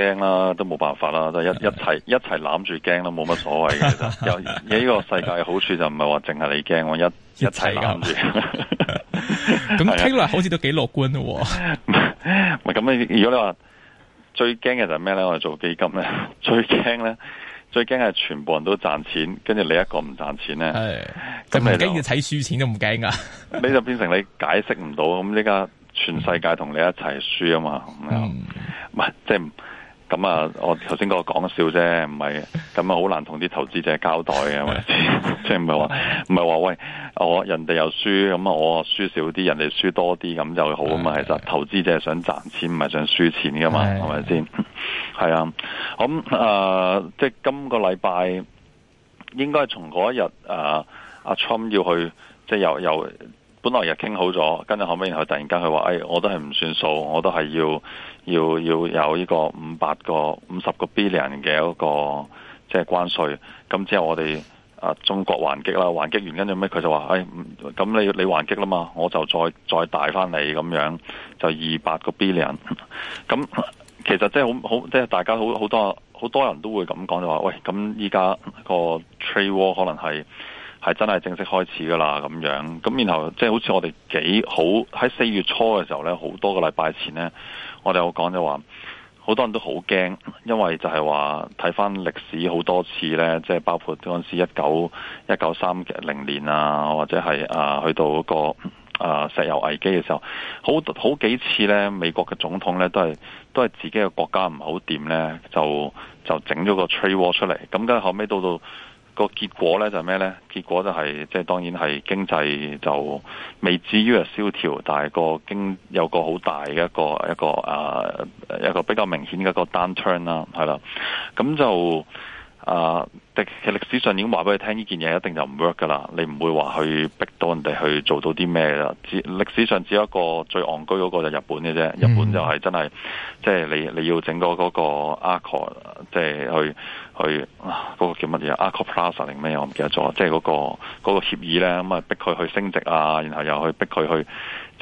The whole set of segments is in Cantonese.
驚啦，都冇辦法啦，就一一齊一齊攬住驚都冇乜所謂嘅。有喺呢個世界嘅好處就唔係話淨係你驚，一一齊攬住。咁聽落好似都幾樂觀咯。係咁，如果你話最驚嘅就係咩咧？我哋做基金咧，最驚咧，最驚係全部人都賺錢，跟住你一個唔賺錢咧。咁你驚要睇輸錢都唔驚噶？ 你就變成你解釋唔到，咁依家全世界同你一齊輸啊嘛。唔係，即係。咁啊、嗯，我頭先嗰個講笑啫，唔係，咁啊好難同啲投資者交代嘅，係咪先？ 即係唔係話唔係話喂，我人哋又輸，咁啊我輸少啲，人哋輸多啲，咁就好啊嘛？其實投資者想賺錢，唔係想輸錢噶嘛？係咪先？係啊，咁、嗯、啊，即係今個禮拜應該係從嗰一日啊，阿 Trump 要去，即係又又。本來又傾好咗，跟住後尾然後突然間佢話，誒，我都係唔算數，我都係要要要有呢個五百個五十個 billion 嘅一個即係關稅。咁之後我哋啊中國還擊啦，還擊完跟住咩？佢就話，誒，咁你你還擊啦嘛，我就再再大翻你咁樣，就二百個 billion。咁 其實即係好好，即係大家好好多好多人都會咁講就話，喂，咁依家個 trade war 可能係。係真係正式開始㗎啦，咁樣咁，然後即係、就是、好似我哋幾好喺四月初嘅時候呢，好多個禮拜前呢，我哋有講就話好多人都好驚，因為就係話睇翻歷史好多次呢，即係包括嗰陣時一九一九三零年啊，或者係啊去到、嗰個啊石油危機嘅時候，好好幾次呢，美國嘅總統呢都係都係自己嘅國家唔好掂呢，就就整咗個 trade war 出嚟，咁跟住後尾到到。個結果咧就係咩咧？結果就係、是、即係，當然係經濟就未至於係蕭條，但係個經有個好大嘅一個一個啊一個、呃、一個比較明顯嘅一個 downturn 啦，係啦，咁就啊。其實歷史上已經話俾你聽，呢件嘢一定就唔 work 噶啦， 你唔會話去逼到人哋去做到啲咩啦。歷史上只有一個最戇居嗰個就日本嘅啫，日本就係真係 即係你你要整個嗰個 Accord 即係去去嗰個叫乜嘢 Accord plaza 定咩我唔記得咗，即係嗰個嗰個協議咧，咁啊逼佢去升值啊，然後又去逼佢去。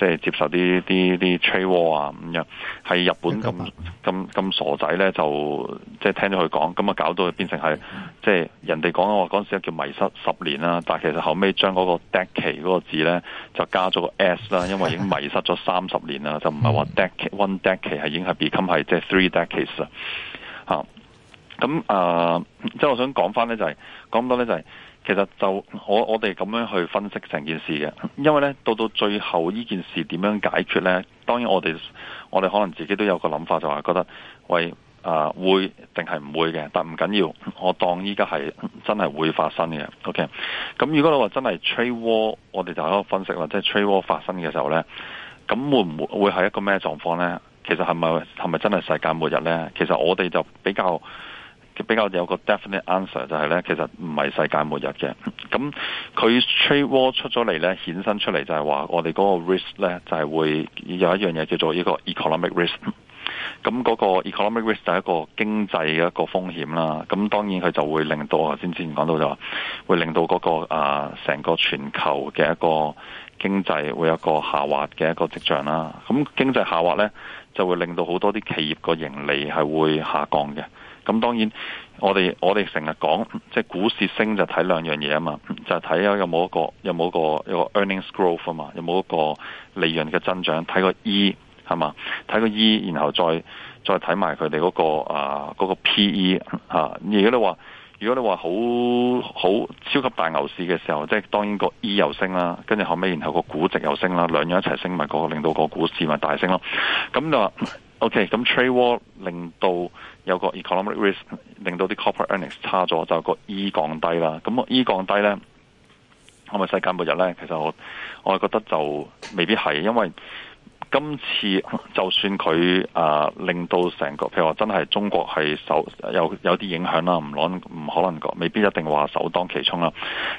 即係接受啲啲啲 trade war 啊咁樣，喺日本咁咁咁傻仔咧，就即係、就是、聽咗佢講，咁啊搞到佢變成係即係人哋講嘅話，嗰陣時叫迷失十年啦，但係其實後尾將嗰個 decade 嗰個字咧就加咗個 s 啦，因為已經迷失咗三十年啦，就唔係話 decade one decade 係已經係 become 係即係 three decades 啊嚇。咁啊，呃、即係我想講翻咧就係、是、講多咧就係、是。其實就我我哋咁樣去分析成件事嘅，因為呢，到到最後呢件事點樣解決呢？當然我哋我哋可能自己都有個諗法，就話覺得喂啊、呃、會定係唔會嘅，但唔緊要,要，我當依家係真係會發生嘅。OK，咁如果你話真係 trade war，我哋就一個分析或者係、即係、trade war 發生嘅時候呢，咁會唔會會係一個咩狀況呢？其實係咪係咪真係世界末日呢？其實我哋就比較。比較有個 definite answer，就係咧，其實唔係世界末日嘅。咁、嗯、佢 Trade War 出咗嚟咧，衍生出嚟就係話，我哋嗰個 risk 咧，就係、是、會有一樣嘢叫做呢個 economic risk。咁、嗯、嗰、那個 economic risk 就係一個經濟嘅一個風險啦。咁、嗯、當然佢就會令到頭先之前講到就話，會令到嗰、那個啊成、呃、個全球嘅一個經濟會有一個下滑嘅一個跡象啦。咁、嗯、經濟下滑咧，就會令到好多啲企業個盈利係會下降嘅。咁當然我，我哋我哋成日講，即係股市升就睇兩樣嘢啊嘛，就係、是、睇有有冇一個有冇一個一個 earnings growth 啊嘛，有冇一個利潤嘅增長，睇個 E 係嘛，睇個 E，然後再再睇埋佢哋嗰個啊嗰、那個、P E 嚇、啊。如果你話如果你話好好超級大牛市嘅時候，即係當然個 E 又升啦，跟住後尾然後個估值又升啦，兩樣一齊升咪，嗰、就是、令到個股市咪大升咯。咁就。O.K. 咁 Trade War 令到有個 economic risk，令到啲 Corporate earnings 差咗，就個 E 降低啦。咁 E 降低咧，係咪世界末日咧？其實我我覺得就未必係，因為今次就算佢啊令到成個，譬如話真係中國係首有有啲影響啦，唔可能未必一定話首當其衝啦。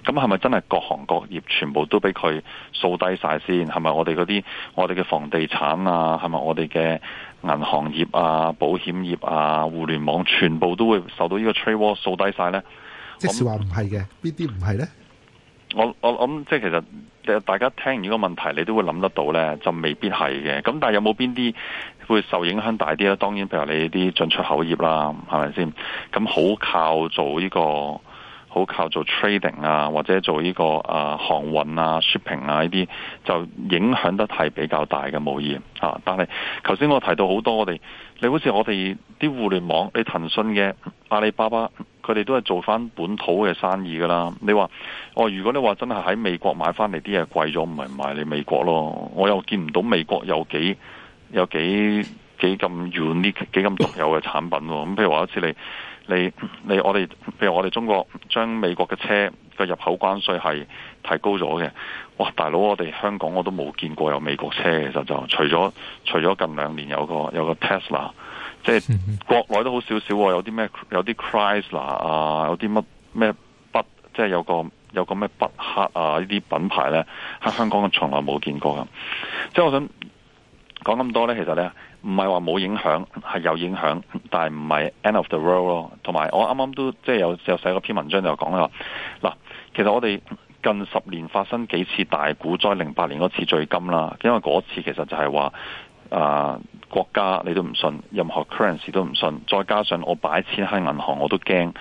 咁係咪真係各行各業全部都俾佢掃低晒先？係咪我哋嗰啲我哋嘅房地產啊，係咪我哋嘅？銀行業啊、保險業啊、互聯網全部都會受到呢個 trade war 掃低曬咧。即係話唔係嘅，邊啲唔係呢？我我諗即係其實大家聽完呢個問題，你都會諗得到呢，就未必係嘅。咁但係有冇邊啲會受影響大啲咧？當然，譬如你啲進出口業啦，係咪先？咁好靠做呢個。好靠做 trading 啊，或者做呢個啊航運啊 shipping 啊，呢啲，就影響得係比較大嘅無疑啊。但係頭先我提到好多我哋，你好似我哋啲互聯網，你騰訊嘅、阿里巴巴，佢哋都係做翻本土嘅生意噶啦。你話哦，如果你話真係喺美國買翻嚟，啲嘢貴咗，唔係唔買嚟美國咯？我又見唔到美國有幾有幾。幾咁 unique，幾咁獨有嘅產品喎、哦？咁、嗯、譬如話，好似你、你、你我，我哋譬如我哋中國將美國嘅車嘅入口關稅係提高咗嘅。哇！大佬，我哋香港我都冇見過有美國車，其實就就除咗除咗近兩年有個有個 Tesla，即係國內都好少少、哦。有啲咩有啲 Chrysler 啊，有啲乜咩不即係有個有個咩不克啊呢啲品牌咧，喺香港嘅從來冇見過嘅。即係我想講咁多咧，其實咧。唔係話冇影響，係有影響，但係唔係 end of the world 咯。同埋我啱啱都即係有有寫嗰篇文章就講啦。嗱，其實我哋近十年發生幾次大股災，零八年嗰次最金啦，因為嗰次其實就係話。啊！國家你都唔信，任何 currency 都唔信，再加上我擺錢喺銀行我都驚，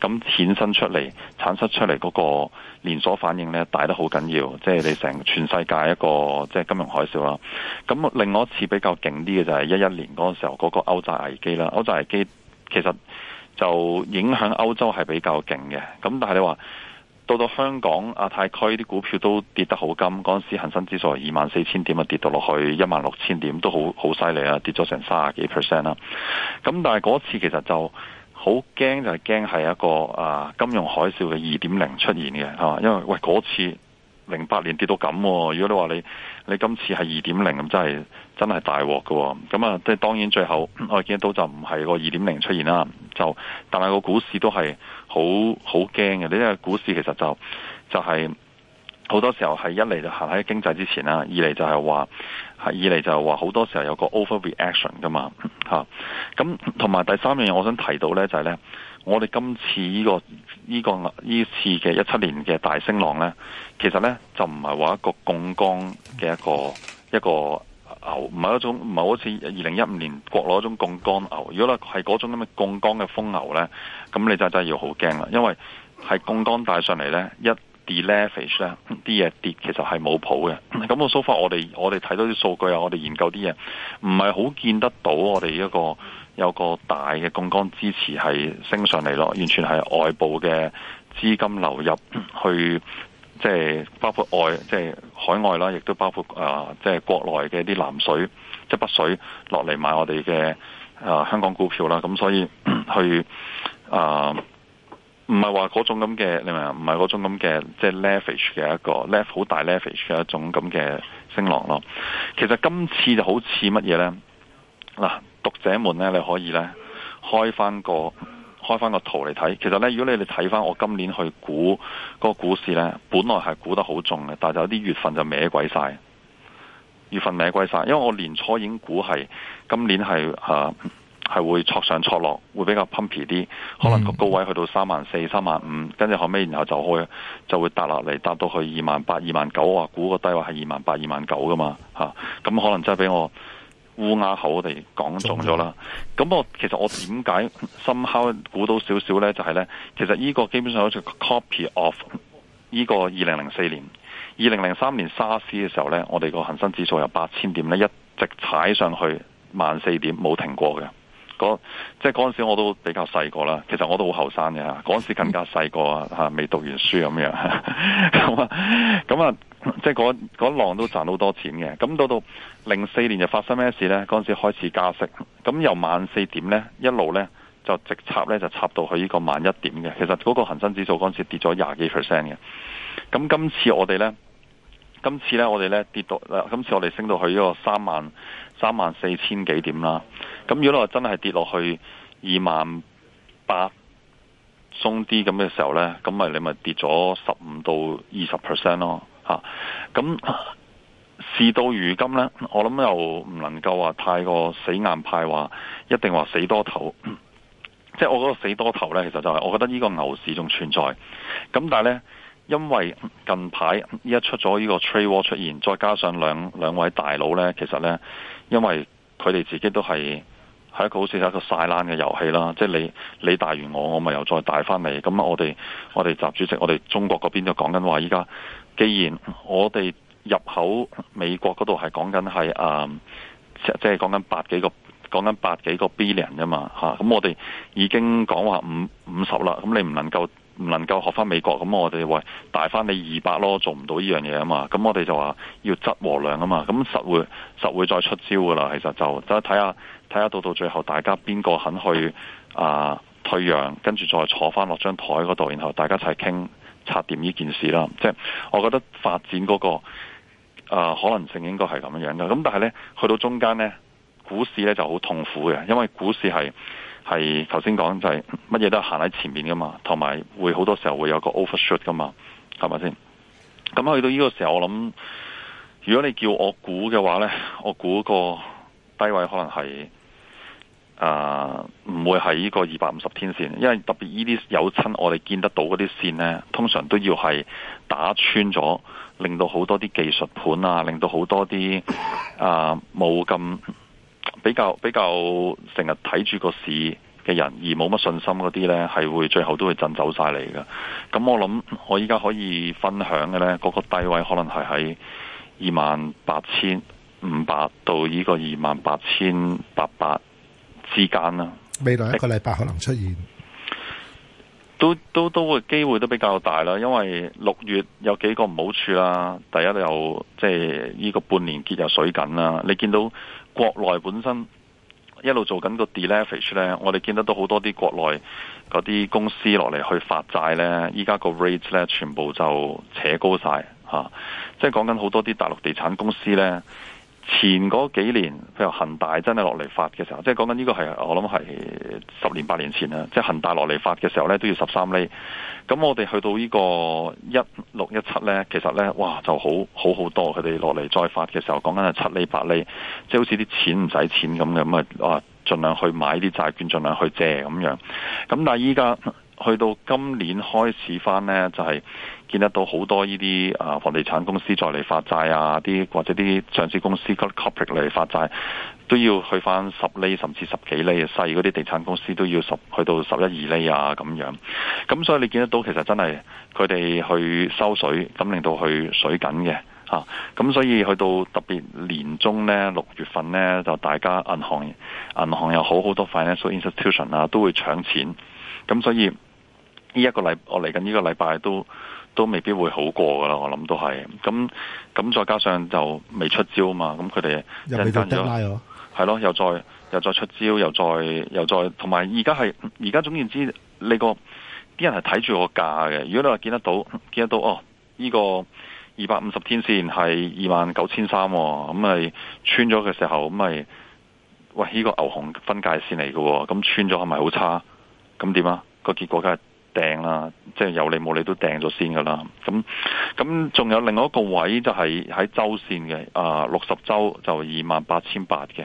咁衍生出嚟產生出嚟嗰個連鎖反應呢，大得好緊要，即係你成全世界一個即係金融海嘯啦。咁另外一次比較勁啲嘅就係一一年嗰個時候嗰個歐債危機啦。歐債危機其實就影響歐洲係比較勁嘅，咁但係你話。到到香港亞太區啲股票都跌得好金，嗰陣時恆生指數二萬四千點, 16，點啊，跌到落去一萬六千點，都好好犀利啊！跌咗成三十幾 percent 啦。咁但係嗰次其實就好驚，就係驚係一個啊金融海嘯嘅二點零出現嘅嚇、啊，因為喂嗰次零八年跌到咁、啊，如果你話你你今次係二點零咁，真係真係大鑊㗎。咁啊，即、嗯、係、嗯嗯、當然最後我見到就唔係個二點零出現啦，就但係個股市都係。好好驚嘅。呢個股市其實就就係好多時候係一嚟就行喺經濟之前啦，二嚟就係話係二嚟就係話好多時候有個 overreaction 噶嘛嚇，咁同埋第三樣嘢我想提到呢，就係呢我哋今次呢個呢個呢次嘅一七年嘅大升浪呢，其實呢就唔係話一個槓桿嘅一個一個。一個牛唔係一種，唔係好似二零一五年國內一種槓桿牛。如果咧係嗰種咁嘅槓桿嘅瘋牛咧，咁你真真要好驚啦。因為係槓桿帶上嚟咧，一 deleverage 咧，啲嘢跌其實係冇譜嘅。咁我 so far 我哋，我哋睇到啲數據啊，我哋研究啲嘢，唔係好見得到我哋一個有一個大嘅槓桿支持係升上嚟咯，完全係外部嘅資金流入去。即係包括外，即係海外啦，亦都包括啊、呃，即係國內嘅啲藍水，即係北水落嚟買我哋嘅啊香港股票啦，咁所以 去啊，唔係話嗰種咁嘅，你明唔明啊？唔係嗰種咁嘅，即係 leverage 嘅一個 lever 好大 leverage 嘅一種咁嘅升浪咯。其實今次就好似乜嘢咧？嗱、啊，讀者們咧，你可以咧開翻個。開翻個圖嚟睇，其實咧，如果你哋睇翻我今年去估嗰個股市咧，本來係估得好重嘅，但係有啲月份就歪鬼晒，月份歪鬼晒，因為我年初已經估係今年係吓係會挫上挫落，會比較 pumpy 啲，可能個高位去到三萬四、三萬五，跟住後尾然後，後就開，就會跌落嚟，跌到去二萬八、二萬九，啊。估個低位係二萬八、二萬九噶嘛，吓，咁可能真係俾我，烏鴉口地講中咗啦，咁我其實我點解深刻估到少少呢？就係呢，其實呢個基本上好似 copy of 呢個二零零四年、二零零三年沙士嘅時候呢，我哋個恒生指數由八千點呢，一直踩上去萬四點冇停過嘅。嗰即係嗰陣時我都比較細個啦，其實我都好後生嘅嚇，嗰陣時更加細個啊嚇，未讀完書咁樣的。咁啊。即係嗰浪都賺好多錢嘅，咁到到零四年就發生咩事呢？嗰陣時開始加息，咁由萬四點呢一路呢就直插呢，就插到去呢個萬一點嘅。其實嗰個恒生指數嗰陣時跌咗廿幾 percent 嘅。咁今次我哋呢，今次呢我哋呢跌到，今次我哋升到去呢個三萬三萬四千幾點啦。咁如果你話真係跌落去二萬八，鬆啲咁嘅時候呢，咁咪你咪跌咗十五到二十 percent 咯。啊，咁事到如今呢，我諗又唔能夠話太過死硬派話，話一定話死多頭。 即係我嗰個死多頭呢，其實就係我覺得呢個牛市仲存在。咁但係呢，因為近排一出咗呢個 Trade War 出現，再加上兩兩位大佬呢，其實呢，因為佢哋自己都係係一個好似係一個晒爛嘅遊戲啦。即係你你大完我，我咪又再大返嚟。咁我哋我哋習主席，我哋中國嗰邊就講緊話，依家。既然我哋入口美國嗰度係講緊係啊，um, 即係講緊百幾個講緊百幾個 billion 啫嘛吓，咁、啊、我哋已經講話五五十啦，咁你唔能夠唔能夠學翻美國，咁我哋喂大翻你二百咯，做唔到呢樣嘢啊嘛，咁我哋就話要質和量啊嘛，咁實會實會再出招噶啦，其實就就睇下睇下到到最後大家邊個肯去啊退讓，跟住再坐翻落張台嗰度，然後大家一齊傾。插掂呢件事啦，即係我覺得發展嗰、那個誒、呃、可能性應該係咁樣樣嘅，咁但係咧去到中間咧，股市咧就好痛苦嘅，因為股市係係頭先講就係乜嘢都係行喺前面噶嘛，同埋會好多時候會有個 overshoot 噶嘛，係咪先？咁、嗯、去到呢個時候，我諗如果你叫我估嘅話咧，我估個低位可能係。啊，唔會係呢個二百五十天線，因為特別呢啲有親我哋見得到啲線咧，通常都要係打穿咗，令到好多啲技術盤啊，令到好多啲啊冇咁比較比較成日睇住個市嘅人，而冇乜信心啲咧，係會最後都會震走晒嚟嘅。咁我諗，我依家可以分享嘅咧，個低位可能係喺二萬八千五百到呢個二萬八千八百。時間啊，未來一個禮拜可能出現，都都都會機會都比較大啦，因為六月有幾個唔好處啦、啊，第一又即係呢、這個半年結又水緊啦、啊，你見到國內本身一路做緊個 deleverage 咧，我哋見得到好多啲國內嗰啲公司落嚟去發債呢，依家個 rate 呢全部就扯高晒吓、啊，即係講緊好多啲大陸地產公司呢。前嗰幾年，譬如恒大真係落嚟發嘅時候，即係講緊呢個係我諗係十年八年前啦。即係恒大落嚟發嘅時候呢，都要十三厘。咁我哋去到呢個一六一七呢，其實呢，哇，就好好好多。佢哋落嚟再發嘅時候，講緊係七厘八厘，即係好似啲錢唔使錢咁嘅咁啊，盡量去買啲債券，盡量去借咁樣。咁但係依家去到今年開始翻呢，就係、是。見得到好多呢啲啊，房地產公司再嚟發債啊，啲或者啲上市公司及 corporate 嚟發債，都要去翻十厘甚至十幾厘，細嗰啲地產公司都要去十去到十一二厘啊，咁樣。咁所以你見得到，其實真係佢哋去收水，咁令到佢水緊嘅，吓、啊。咁所以去到特別年中呢，六月份呢，就大家銀行銀行又好好多，financial institution 啊都會搶錢，咁所以。呢一個禮，我嚟緊呢個禮拜都都未必會好過噶啦，我諗都係咁咁，再加上就未出招啊嘛，咁佢哋又係咯、啊，又再又再出招，又再又再，同埋而家係而家，總言之，呢個啲人係睇住個價嘅。如果你話見得到，見得到哦，呢個二百五十天線係二萬九千三，咁咪穿咗嘅時候，咁咪喂呢個牛熊分界線嚟嘅、哦，咁穿咗係咪好差？咁點啊？個結果嘅、就是？訂啦，即係有理冇理都訂咗先噶啦。咁咁仲有另外一個位就係喺周線嘅啊，六十周就二萬八千八嘅。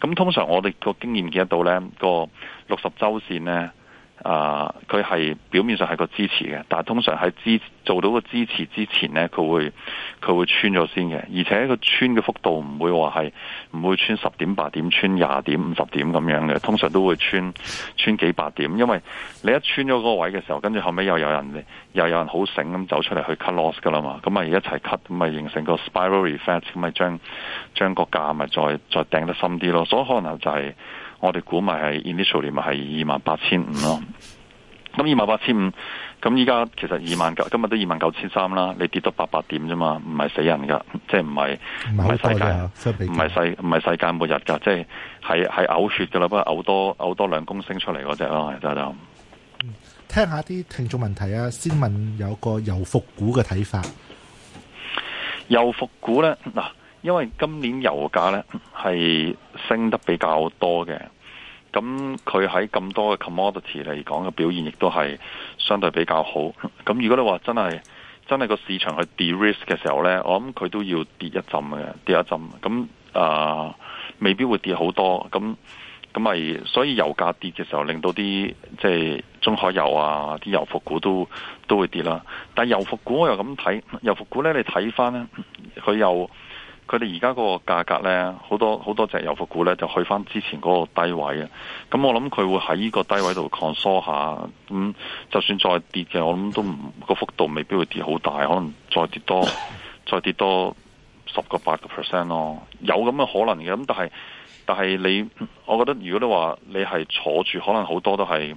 咁通常我哋個經驗記得到咧，個六十周線咧。啊！佢係、uh, 表面上係個支持嘅，但係通常喺支做到個支持之前呢，佢會佢會穿咗先嘅。而且個穿嘅幅度唔會話係唔會穿十點八點、穿廿點五十點咁樣嘅，通常都會穿穿幾百點。因為你一穿咗個位嘅時候，跟住後尾又有人又有人好醒咁走出嚟去 cut loss 噶啦嘛，咁咪一齊 cut，咁咪形成個 spiral effect，咁咪將將個價咪再再掟得深啲咯。所以可能就係、是。我哋估咪係 initially 咪係二萬八千五咯，咁二萬八千五，咁依家其實二萬九，今日都二萬九千三啦，你跌咗八百點啫嘛，唔係死人噶，即係唔係世界，唔係世唔係世界末日噶，即係係係嘔血噶啦，不過嘔多嘔多兩公升出嚟嗰只咯，就啦。嗯，聽下啲聽眾問題啊，先問有個油服股嘅睇法，油服股咧嗱。因為今年油價呢係升得比較多嘅，咁佢喺咁多嘅 commodity 嚟講嘅表現，亦都係相對比較好。咁如果你話真係真係個市場去 de risk 嘅時候呢，我諗佢都要跌一陣嘅，跌一陣。咁啊，呃，未必會跌好多。咁咁咪所以油價跌嘅時候，令到啲即係中海油啊，啲油服股都都會跌啦。但係油服股我又咁睇，油服股呢你睇翻呢，佢又佢哋而家嗰個價格呢，好多好多隻油服股呢，就去翻之前嗰個低位啊。咁我諗佢會喺呢個低位度抗縮下，咁、嗯、就算再跌嘅，我諗都唔、嗰個幅度未必會跌好大，可能再跌多，再跌多十個八個 percent 咯，有咁嘅可能嘅。咁但係但係你，我覺得如果你話你係坐住，可能好多都係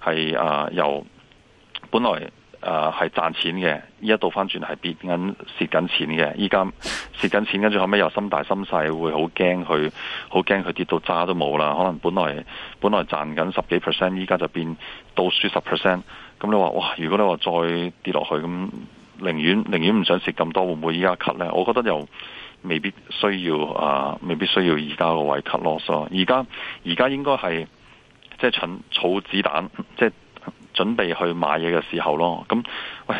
係啊由本來。誒係、呃、賺錢嘅，依家倒翻轉係跌緊蝕緊錢嘅。依家蝕緊錢，跟住後尾又心大心細，會好驚佢，好驚佢跌到渣都冇啦。可能本來本來賺緊十幾 percent，依家就變倒輸十 percent。咁你話哇，如果你話再跌落去，咁寧願寧願唔想蝕咁多，會唔會依家 cut 呢？我覺得又未必需要啊、呃，未必需要而家個位 cut 咯。所以而家而家應該係即係存儲子彈，即、就、係、是。準備去買嘢嘅時候咯，咁喂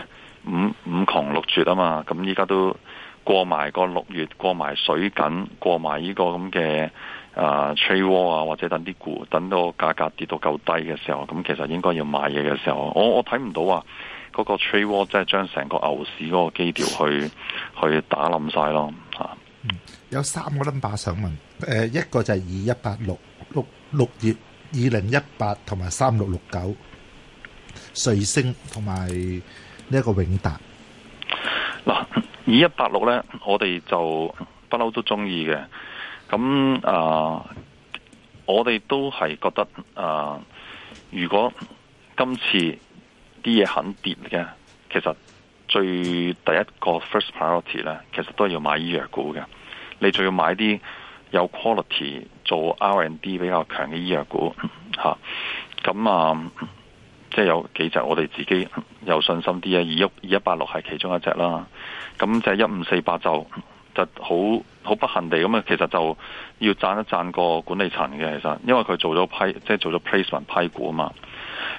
五五窮六絕啊嘛。咁依家都過埋個六月，過埋水緊，過埋呢個咁嘅啊，trade war 啊，uh, trade war, 或者等啲股等到價格跌到夠低嘅時候，咁其實應該要買嘢嘅時候。我我睇唔到話、啊、嗰、那個 trade war 真係將成個牛市嗰個基調去去打冧晒咯吓。有三個 number 想問，誒、呃，一個就係二一八六六六月二零一八，同埋三六六九。瑞聲同埋呢一個永達，嗱以一百六咧，我哋就不嬲都中意嘅。咁啊、呃，我哋都係覺得啊、呃，如果今次啲嘢肯跌嘅，其實最第一個 first priority 咧，其實都係要買醫藥股嘅。你仲要買啲有 quality 做 R&D 比較強嘅醫藥股吓。咁啊。即係有幾隻我哋自己有信心啲啊，二一二一八六係其中一隻啦。咁就係一五四八就就好好不幸地咁啊。其實就要讚一讚個管理層嘅其實，因為佢做咗批，即係做咗 placement 批股啊嘛。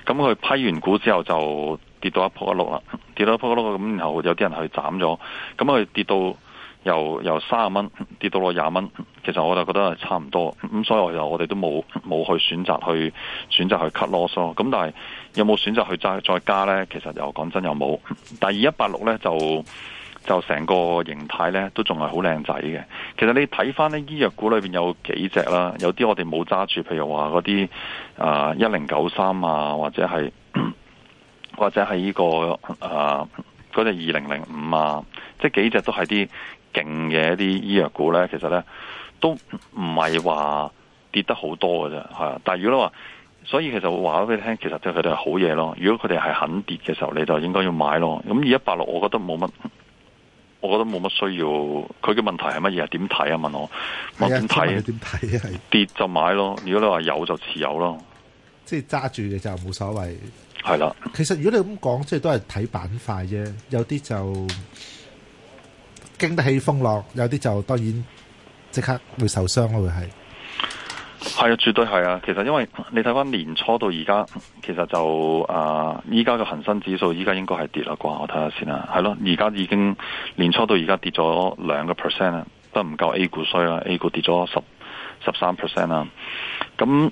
咁佢批完股之後就跌到一撲一碌啦，跌到一撲一碌咁，然後有啲人去斬咗，咁佢跌到。由由三十蚊跌到落廿蚊，其實我就覺得係差唔多，咁所以我就我哋都冇冇去選擇去選擇去 cut loss，咁但係有冇選擇去再再加呢？其實又講真又冇。但二一八六呢，就就成個形態呢，都仲係好靚仔嘅。其實你睇返呢醫藥股裏邊有幾隻啦，有啲我哋冇揸住，譬如話嗰啲啊一零九三啊，或者係或者係呢、這個啊嗰隻二零零五啊，即係幾隻都係啲。勁嘅一啲醫藥股咧，其實咧都唔係話跌得好多嘅啫，係啊。但係如果你話，所以其實我話俾你聽，其實即係佢哋係好嘢咯。如果佢哋係肯跌嘅時候，你就應該要買咯。咁二一八六，我覺得冇乜，我覺得冇乜需要。佢嘅問題係乜嘢？點睇啊？問我，的問點睇點睇啊？跌就買咯。如果你話有就持有咯。即係揸住嘅就冇所謂。係啦的。其實如果你咁講，即係都係睇板塊啫。有啲就。經得起風浪，有啲就當然即刻會受傷咯，會係係啊，絕對係啊。其實因為你睇翻年初到而家，其實就啊，依家嘅恒生指數依家應該係跌啦啩，我睇下先啦。係咯，而家已經年初到而家跌咗兩個 percent 啦，都唔夠 A 股衰啦，A 股跌咗十十三 percent 啦。咁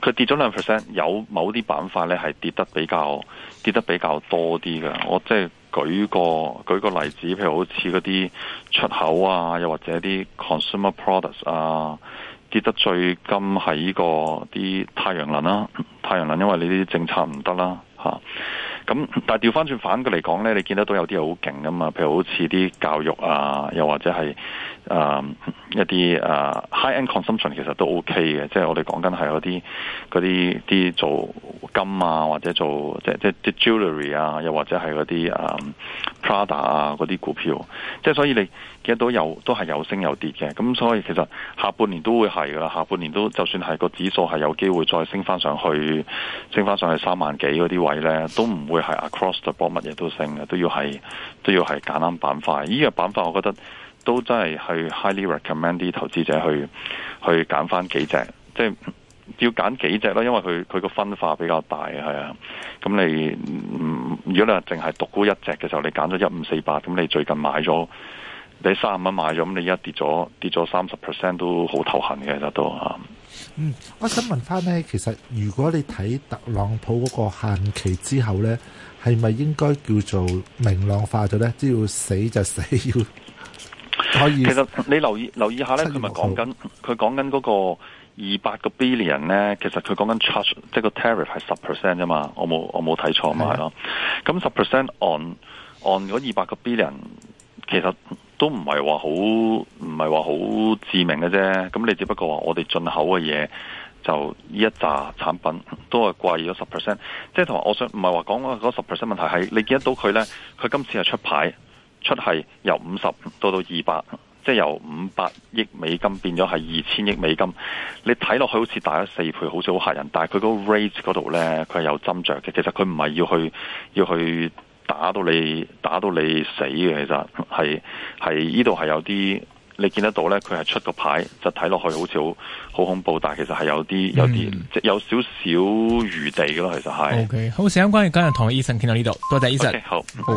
佢跌咗兩 percent，有某啲板塊咧係跌得比較跌得比較多啲嘅，我即係。舉個舉個例子，譬如好似嗰啲出口啊，又或者啲 consumer products 啊，跌得最勁係呢個啲太陽能啦、啊，太陽能因為你啲政策唔得啦，嚇、啊。咁但係調翻轉反嘅嚟講咧，你見得到有啲好勁噶嘛？譬如好似啲教育啊，又或者係啊、呃、一啲啊、呃、high-end consumption 其實都 OK 嘅，即係我哋講緊係嗰啲啲啲做金啊，或者做即即即 jewelry 啊，又或者係嗰啲啊 Prada 啊嗰啲股票，即係所以你見得到有都係有升有跌嘅。咁所以其實下半年都會係噶啦，下半年都就算係個指數係有機會再升翻上去，升翻上去三萬幾嗰啲位咧，都唔。會係 Across the board 乜嘢都升嘅，都要係都要係揀啱板塊。呢個板塊我覺得都真係去 highly recommend 啲投資者去去揀翻幾隻，即係要揀幾隻啦。因為佢佢個分化比較大係啊。咁你如果你淨係獨沽一隻嘅時候，你揀咗一五四八，咁你最近買咗你三十蚊買咗，咁你一跌咗跌咗三十 percent 都好頭痕嘅，其實都。嗯，我想問翻咧，其實如果你睇特朗普嗰個限期之後咧，係咪應該叫做明朗化咗咧？只要死就死，要可以。其實你留意留意下咧，佢咪講緊佢講緊嗰個二百個 billion 咧，其實佢講緊 charge，即係個 tariff 係十 percent 啫嘛，我冇我冇睇錯咪咯。咁十 percent on on 嗰二百個 billion，其實。都唔係話好，唔係話好致命嘅啫。咁你只不過話我哋進口嘅嘢，就呢一扎產品都係貴咗十 percent。即係同埋，我想唔係話講嗰十 percent 問題係你見得到佢呢，佢今次係出牌出係由五十到到二百，即係由五百億美金變咗係二千億美金。你睇落去好似大咗四倍，好似好嚇人。但係佢嗰個 rate 嗰度呢，佢係有斟酌嘅。其實佢唔係要去要去。要去打到你，打到你死嘅，其實係係呢度係有啲，你見得到咧，佢係出個牌，就睇落去好似好好恐怖，但係其實係有啲，嗯、有啲即有少少餘地嘅咯，其實係。Okay，好時間關係今日同阿醫生傾到呢度，多謝醫生。Okay，好。好